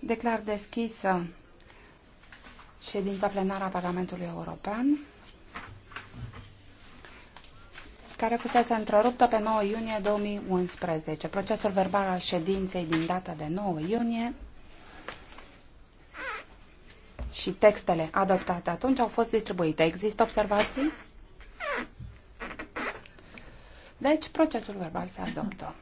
declar deschisă ședința plenară a Parlamentului European, care fusese întreruptă pe 9 iunie 2011. Procesul verbal al ședinței din data de 9 iunie și textele adoptate atunci au fost distribuite. Există observații? Deci, procesul verbal se adoptă.